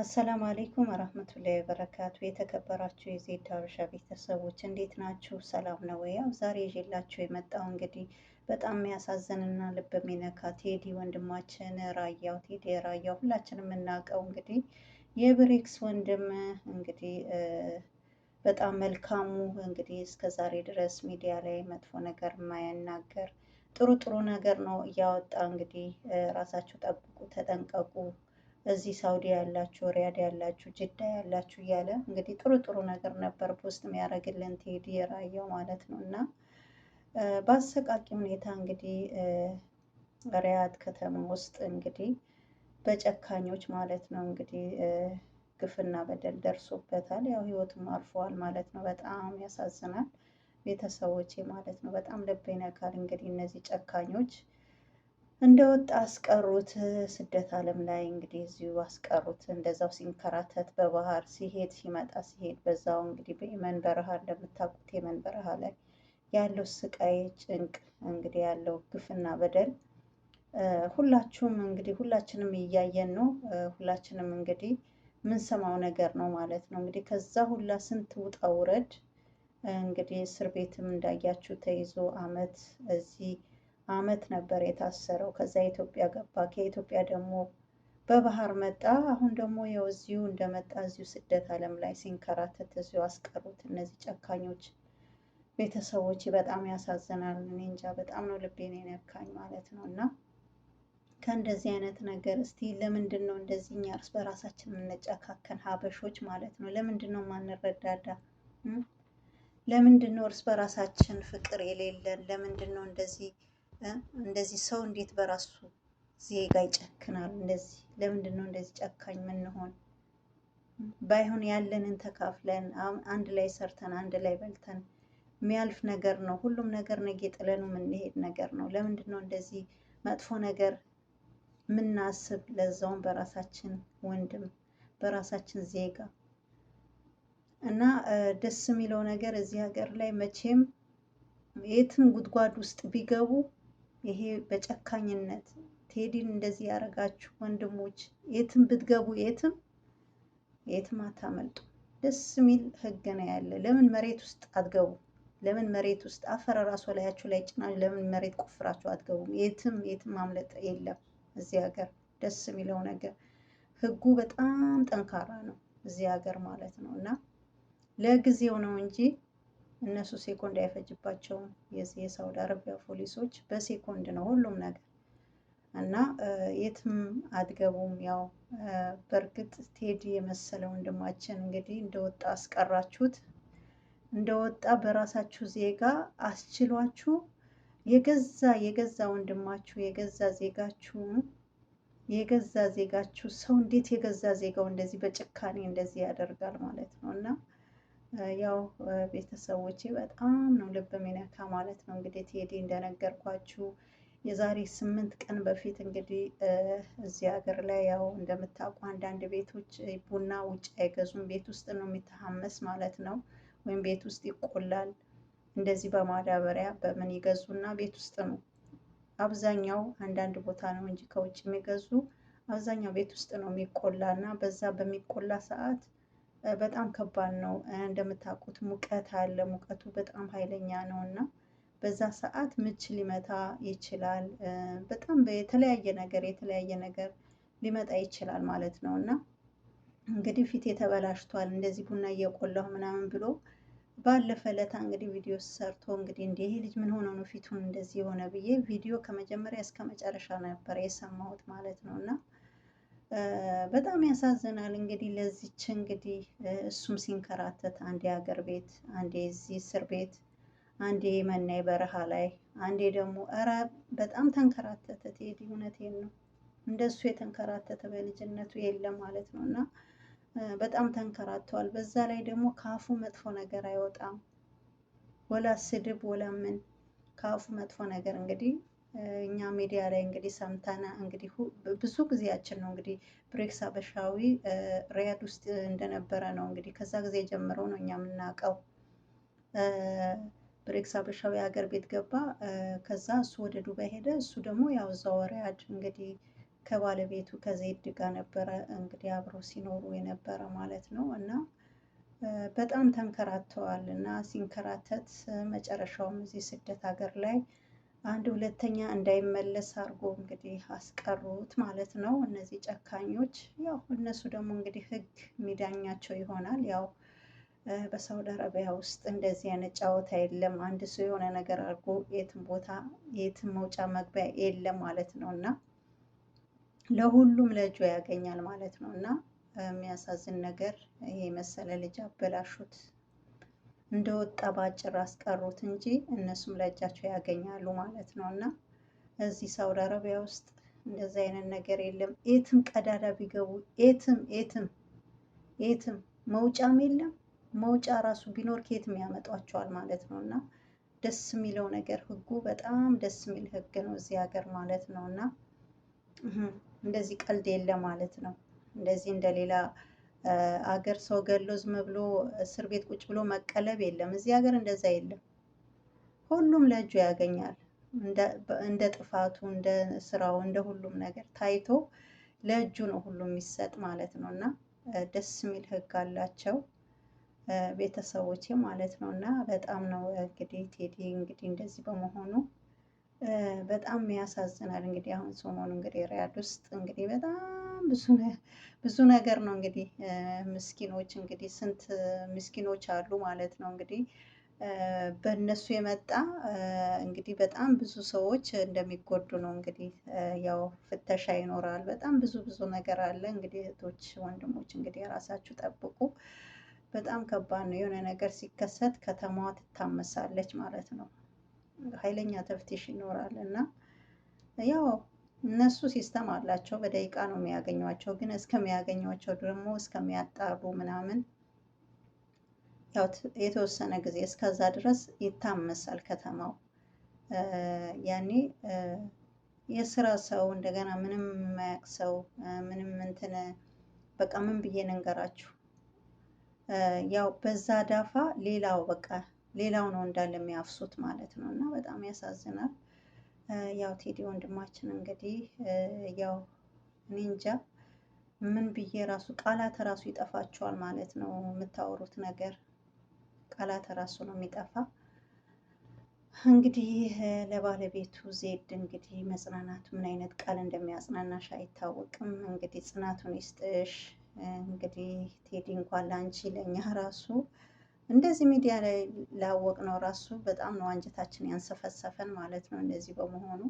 አሰላም አሌይኩም ወራህመቱላሂ ወበረካቱ። የተከበራችሁ የዜድ ሀበሻ ቤተሰቦች እንዴት ናችሁ? ሰላም ነው ወይ? ያው ዛሬ ይዤላችሁ የመጣው እንግዲህ በጣም የሚያሳዝንና ልብ የሚነካ ቴዲ ወንድማችን ራያው ቴዲ ራያው ሁላችን የምናውቀው እንግዲህ የብሬክስ ወንድም እንግዲህ በጣም መልካሙ እንግዲህ እስከ ዛሬ ድረስ ሚዲያ ላይ መጥፎ ነገር የማይናገር ጥሩ ጥሩ ነገር ነው እያወጣ እንግዲህ ራሳችሁ ጠብቁ፣ ተጠንቀቁ እዚህ ሳውዲ ያላችሁ፣ ሪያድ ያላችሁ፣ ጅዳ ያላችሁ እያለ እንግዲህ ጥሩ ጥሩ ነገር ነበር ፖስት የሚያደርግልን ቴዲ የራየው ማለት ነው። እና በአሰቃቂ ሁኔታ እንግዲህ ሪያድ ከተማ ውስጥ እንግዲህ በጨካኞች ማለት ነው እንግዲህ ግፍና በደል ደርሶበታል። ያው ህይወቱም አልፈዋል ማለት ነው። በጣም ያሳዝናል ቤተሰቦቼ ማለት ነው። በጣም ልብ ይነካል እንግዲህ እነዚህ ጨካኞች እንደወጣ አስቀሩት። ስደት ዓለም ላይ እንግዲህ እዚሁ አስቀሩት። እንደዛው ሲንከራተት በባህር ሲሄድ ሲመጣ ሲሄድ በዛው እንግዲህ በየመን በረሃ እንደምታውቁት የመን በረሃ ላይ ያለው ስቃይ ጭንቅ እንግዲህ ያለው ግፍና በደል ሁላችሁም እንግዲህ ሁላችንም እያየን ነው። ሁላችንም እንግዲህ ምንሰማው ነገር ነው ማለት ነው። እንግዲህ ከዛ ሁላ ስንት ውጣ ውረድ እንግዲህ እስር ቤትም እንዳያችሁ ተይዞ አመት እዚህ አመት ነበር የታሰረው። ከዛ ኢትዮጵያ ገባ። ከኢትዮጵያ ደግሞ በባህር መጣ። አሁን ደግሞ ያው እዚሁ እንደመጣ እዚሁ ስደት አለም ላይ ሲንከራተት እዚሁ አስቀሩት እነዚህ ጨካኞች ቤተሰቦች። በጣም ያሳዝናል። እኔ እንጃ በጣም ነው ልቤን የነካኝ ማለት ነው። እና ከእንደዚህ አይነት ነገር እስቲ ለምንድን ነው እንደዚህ እኛ እርስ በራሳችን የምንጨካከን ሀበሾች ማለት ነው? ለምንድን ነው ማንረዳዳ ለምንድን ነው እርስ በራሳችን ፍቅር የሌለን? ለምንድን ነው እንደዚህ እንደዚህ ሰው እንዴት በራሱ ዜጋ ይጨክናል? እንደዚህ ለምንድን ነው እንደዚህ ጨካኝ ምንሆን? ባይሆን ያለንን ተካፍለን አንድ ላይ ሰርተን አንድ ላይ በልተን የሚያልፍ ነገር ነው። ሁሉም ነገር ነገ ጥለን የምንሄድ ነገር ነው። ለምንድን ነው እንደዚህ መጥፎ ነገር የምናስብ? ለዛውም በራሳችን ወንድም በራሳችን ዜጋ እና ደስ የሚለው ነገር እዚህ ሀገር ላይ መቼም የትም ጉድጓድ ውስጥ ቢገቡ ይሄ በጨካኝነት ቴዲን እንደዚህ ያደረጋችሁ ወንድሞች የትም ብትገቡ የትም የትም አታመልጡ። ደስ የሚል ህግ ነው ያለ። ለምን መሬት ውስጥ አትገቡ? ለምን መሬት ውስጥ አፈር ራሱ ላያችሁ ላይ ጭናችሁ ለምን መሬት ቆፍራችሁ አትገቡም? የትም የትም ማምለጥ የለም እዚህ ሀገር። ደስ የሚለው ነገር ህጉ በጣም ጠንካራ ነው እዚህ ሀገር ማለት ነው እና ለጊዜው ነው እንጂ እነሱ ሴኮንድ አይፈጅባቸውም። የሳውዲ አረቢያ ፖሊሶች በሴኮንድ ነው ሁሉም ነገር እና የትም አትገቡም። ያው በእርግጥ ቴዲ የመሰለ ወንድማችን እንግዲህ እንደወጣ አስቀራችሁት። እንደወጣ በራሳችሁ ዜጋ አስችሏችሁ የገዛ የገዛ ወንድማችሁ የገዛ ዜጋችሁ የገዛ ዜጋችሁ ሰው እንዴት የገዛ ዜጋው እንደዚህ በጭካኔ እንደዚህ ያደርጋል ማለት ነው እና ያው ቤተሰቦቼ በጣም ነው ልብ የሚነካ ማለት ነው። እንግዲህ ቴዲ እንደነገርኳችሁ የዛሬ ስምንት ቀን በፊት እንግዲህ እዚህ ሀገር ላይ ያው እንደምታውቁ አንዳንድ ቤቶች ቡና ውጭ አይገዙም፣ ቤት ውስጥ ነው የሚተሐመስ ማለት ነው። ወይም ቤት ውስጥ ይቆላል። እንደዚህ በማዳበሪያ በምን ይገዙና ቤት ውስጥ ነው አብዛኛው። አንዳንድ ቦታ ነው እንጂ ከውጭ የሚገዙ አብዛኛው ቤት ውስጥ ነው የሚቆላ እና በዛ በሚቆላ ሰዓት በጣም ከባድ ነው። እንደምታውቁት ሙቀት አለ። ሙቀቱ በጣም ኃይለኛ ነው እና በዛ ሰዓት ምች ሊመታ ይችላል። በጣም የተለያየ ነገር የተለያየ ነገር ሊመጣ ይችላል ማለት ነው እና እንግዲህ ፊቴ ተበላሽቷል እንደዚህ ቡና እየቆላሁ ምናምን ብሎ ባለፈ ለታ እንግዲህ ቪዲዮ ሰርቶ እንግዲህ እንዲህ ይሄ ልጅ ምን ሆኖ ነው ፊቱን እንደዚህ የሆነ ብዬ ቪዲዮ ከመጀመሪያ እስከ መጨረሻ ነበር የሰማሁት ማለት ነው እና በጣም ያሳዝናል። እንግዲህ ለዚች እንግዲህ እሱም ሲንከራተት አንዴ ሀገር ቤት፣ አንዴ እዚህ እስር ቤት፣ አንዴ መናይ በረሃ ላይ፣ አንዴ ደግሞ ኧረ በጣም ተንከራተተ። ቴዲ እውነቴን ነው እንደሱ የተንከራተተ በልጅነቱ የለ ማለት ነው። እና በጣም ተንከራተዋል። በዛ ላይ ደግሞ ከአፉ መጥፎ ነገር አይወጣም፣ ወላ ስድብ ወላ ምን ከአፉ መጥፎ ነገር እንግዲህ እኛ ሚዲያ ላይ እንግዲህ ሰምተን እንግዲህ ብዙ ጊዜያችን ነው እንግዲህ ብሬክስ አበሻዊ ሪያድ ውስጥ እንደነበረ ነው እንግዲህ ከዛ ጊዜ ጀምሮ ነው እኛ የምናውቀው። ብሬክስ አበሻዊ ሀገር ቤት ገባ። ከዛ እሱ ወደ ዱባይ ሄደ። እሱ ደግሞ ያው እዛው ሪያድ እንግዲህ ከባለቤቱ ከዜድ ጋር ነበረ እንግዲህ አብሮ ሲኖሩ የነበረ ማለት ነው እና በጣም ተንከራተዋል እና ሲንከራተት መጨረሻውም እዚህ ስደት ሀገር ላይ አንድ ሁለተኛ እንዳይመለስ አድርጎ እንግዲህ አስቀሩት ማለት ነው። እነዚህ ጨካኞች ያው እነሱ ደግሞ እንግዲህ ህግ የሚዳኛቸው ይሆናል። ያው በሳውዲ አረቢያ ውስጥ እንደዚህ አይነት ጨዋታ የለም። አንድ ሰው የሆነ ነገር አድርጎ የትም ቦታ የትም መውጫ መግቢያ የለም ማለት ነው እና ለሁሉም ለእጁ ያገኛል ማለት ነው እና የሚያሳዝን ነገር ይሄ መሰለ ልጅ አበላሹት። እንደወጣ በአጭር አስቀሩት እንጂ እነሱም ለእጃቸው ያገኛሉ ማለት ነው። እና እዚህ ሳውዲ አረቢያ ውስጥ እንደዚህ አይነት ነገር የለም። የትም ቀዳዳ ቢገቡ የትም የትም የትም መውጫም የለም። መውጫ ራሱ ቢኖር ከየትም ያመጧቸዋል ማለት ነው። እና ደስ የሚለው ነገር ህጉ በጣም ደስ የሚል ህግ ነው እዚህ ሀገር ማለት ነው። እና እንደዚህ ቀልድ የለ ማለት ነው። እንደዚህ እንደሌላ አገር ሰው ገሎ ዝም ብሎ እስር ቤት ቁጭ ብሎ መቀለብ የለም። እዚህ ሀገር እንደዛ የለም። ሁሉም ለእጁ ያገኛል። እንደ ጥፋቱ፣ እንደ ስራው፣ እንደ ሁሉም ነገር ታይቶ ለእጁ ነው ሁሉም የሚሰጥ ማለት ነው። እና ደስ የሚል ህግ አላቸው ቤተሰቦቼ ማለት ነው። እና በጣም ነው እንግዲህ ቴዲ እንግዲህ እንደዚህ በመሆኑ በጣም ያሳዝናል። እንግዲህ አሁን ሰሞኑ እንግዲህ ሪያድ ውስጥ እንግዲህ በጣም ብዙ ነገር ነው እንግዲህ ምስኪኖች እንግዲህ ስንት ምስኪኖች አሉ ማለት ነው እንግዲህ በእነሱ የመጣ እንግዲህ በጣም ብዙ ሰዎች እንደሚጎዱ ነው እንግዲህ ያው ፍተሻ ይኖራል። በጣም ብዙ ብዙ ነገር አለ እንግዲህ እህቶች ወንድሞች እንግዲህ የራሳችሁ ጠብቁ። በጣም ከባድ ነው። የሆነ ነገር ሲከሰት ከተማዋ ትታመሳለች ማለት ነው። ኃይለኛ ተፍቲሽ ይኖራል እና ያው እነሱ ሲስተም አላቸው። በደቂቃ ነው የሚያገኟቸው። ግን እስከሚያገኟቸው ደግሞ እስከሚያጣሩ ምናምን ያው የተወሰነ ጊዜ እስከዛ ድረስ ይታመሳል ከተማው። ያኔ የስራ ሰው እንደገና ምንም የማያቅ ሰው ምንም እንትን በቃ ምን ብዬ ነንገራችሁ። ያው በዛ ዳፋ ሌላው በቃ ሌላው ነው እንዳለ የሚያፍሱት ማለት ነው። እና በጣም ያሳዝናል። ያው ቴዲ ወንድማችን እንግዲህ ያው እኔ እንጃ ምን ብዬ ራሱ ቃላት ራሱ ይጠፋቸዋል ማለት ነው። የምታወሩት ነገር ቃላት ራሱ ነው የሚጠፋ። እንግዲህ ለባለቤቱ ዜድ እንግዲህ መጽናናቱ ምን አይነት ቃል እንደሚያጽናናሽ አይታወቅም። እንግዲህ ጽናቱን ይስጥሽ። እንግዲህ ቴዲ እንኳን ለአንቺ ለእኛ ራሱ እንደዚህ ሚዲያ ላይ ላወቅ ነው ራሱ በጣም ነው አንጀታችን ያንሰፈሰፈን ማለት ነው እንደዚህ በመሆኑ።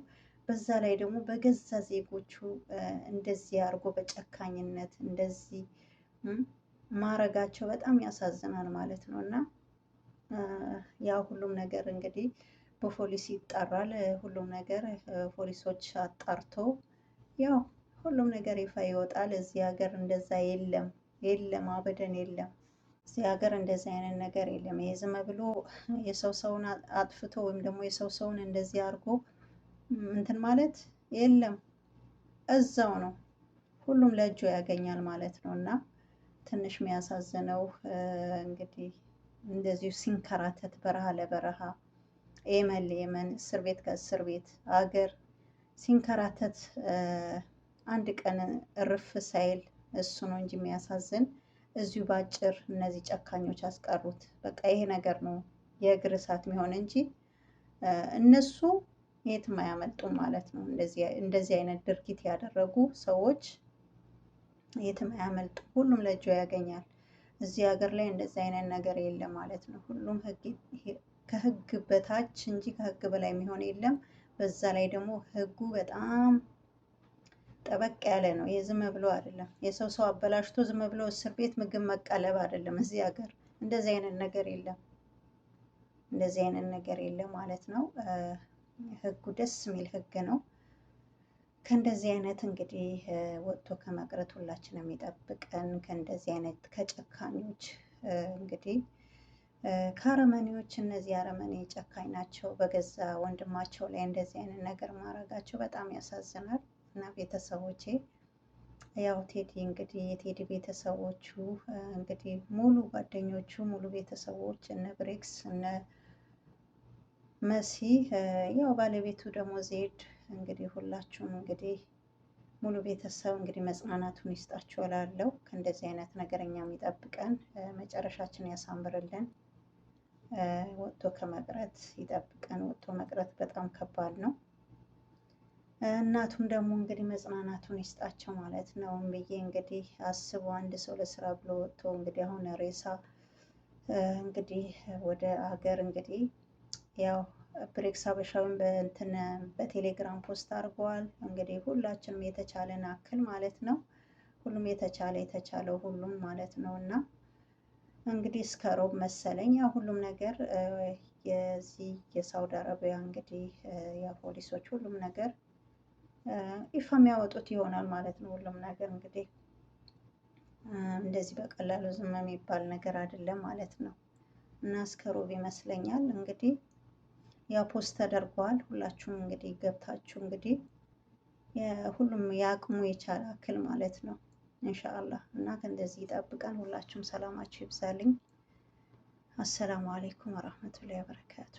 በዛ ላይ ደግሞ በገዛ ዜጎቹ እንደዚህ አድርጎ በጨካኝነት እንደዚህ ማረጋቸው በጣም ያሳዝናል ማለት ነው። እና ያ ሁሉም ነገር እንግዲህ በፖሊስ ይጣራል። ሁሉም ነገር ፖሊሶች አጣርቶ ያው ሁሉም ነገር ይፋ ይወጣል። እዚህ ሀገር እንደዛ የለም የለም፣ አበደን የለም። እዚህ ሀገር እንደዚህ አይነት ነገር የለም። ይሄ ዝም ብሎ የሰው ሰውን አጥፍቶ ወይም ደግሞ የሰው ሰውን እንደዚህ አድርጎ እንትን ማለት የለም። እዛው ነው ሁሉም ለእጁ ያገኛል ማለት ነው። እና ትንሽ የሚያሳዝነው እንግዲህ እንደዚሁ ሲንከራተት በረሃ ለበረሃ የመን ለየመን እስር ቤት ከእስር ቤት አገር ሲንከራተት አንድ ቀን እርፍ ሳይል እሱ ነው እንጂ የሚያሳዝን እዚሁ ባጭር እነዚህ ጨካኞች አስቀሩት። በቃ ይሄ ነገር ነው የእግር እሳት የሚሆን እንጂ እነሱ የትም አያመልጡም ማለት ነው። እንደዚህ አይነት ድርጊት ያደረጉ ሰዎች የትም አያመልጡ፣ ሁሉም ለእጁ ያገኛል። እዚህ ሀገር ላይ እንደዚህ አይነት ነገር የለም ማለት ነው። ሁሉም ከህግ በታች እንጂ ከህግ በላይ የሚሆን የለም። በዛ ላይ ደግሞ ህጉ በጣም ጠበቅ ያለ ነው። የዝም ብሎ አይደለም። የሰው ሰው አበላሽቶ ዝም ብሎ እስር ቤት ምግብ መቀለብ አይደለም። እዚህ ሀገር እንደዚህ አይነት ነገር የለም። እንደዚህ አይነት ነገር የለም ማለት ነው። ህጉ ደስ የሚል ህግ ነው። ከእንደዚህ አይነት እንግዲህ ወጥቶ ከመቅረት ሁላችን የሚጠብቀን ከእንደዚህ አይነት ከጨካኞች እንግዲህ ከአረመኔዎች እነዚህ አረመኔ ጨካኝ ናቸው። በገዛ ወንድማቸው ላይ እንደዚህ አይነት ነገር ማድረጋቸው በጣም ያሳዝናል። እና ቤተሰቦቼ ያው ቴዲ እንግዲህ የቴዲ ቤተሰቦቹ እንግዲህ ሙሉ ጓደኞቹ ሙሉ ቤተሰቦች እነ ብሬክስ እነ መሲ ያው ባለቤቱ ደግሞ ዜድ እንግዲህ ሁላችሁም እንግዲህ ሙሉ ቤተሰብ እንግዲህ መጽናናቱን ይስጣችሁ እላለሁ። ከእንደዚህ አይነት ነገረኛ ይጠብቀን መጨረሻችን ያሳምርልን። ወጥቶ ከመቅረት ይጠብቀን። ወጥቶ መቅረት በጣም ከባድ ነው። እናቱም ደግሞ እንግዲህ መጽናናቱን ይስጣቸው ማለት ነው ብዬ እንግዲህ አስቡ። አንድ ሰው ለስራ ብሎ ወጥቶ እንግዲህ አሁን ሬሳ እንግዲህ ወደ ሀገር እንግዲህ ያው ብሬክስ ሀበሻውን በእንትን በቴሌግራም ፖስት አድርገዋል። እንግዲህ ሁላችንም የተቻለን አክል ማለት ነው ሁሉም የተቻለ የተቻለው ሁሉም ማለት ነው እና እንግዲህ እስከ ሮብ መሰለኝ ያው ሁሉም ነገር የዚህ የሳውዲ አረቢያ እንግዲህ የፖሊሶች ሁሉም ነገር ይፋ የሚያወጡት ይሆናል ማለት ነው። ሁሉም ነገር እንግዲህ እንደዚህ በቀላሉ ዝም የሚባል ነገር አይደለም ማለት ነው። እና እስከ ሮብ ይመስለኛል እንግዲህ ያ ፖስት ተደርጓል። ሁላችሁም እንግዲህ ገብታችሁ እንግዲህ ሁሉም የአቅሙ የቻለ አክል ማለት ነው እንሻአላ እና ከእንደዚህ ይጠብቀን። ሁላችሁም ሰላማችሁ ይብዛልኝ። አሰላሙ አሌይኩም ወረህመቱላሂ ወበረካቱ።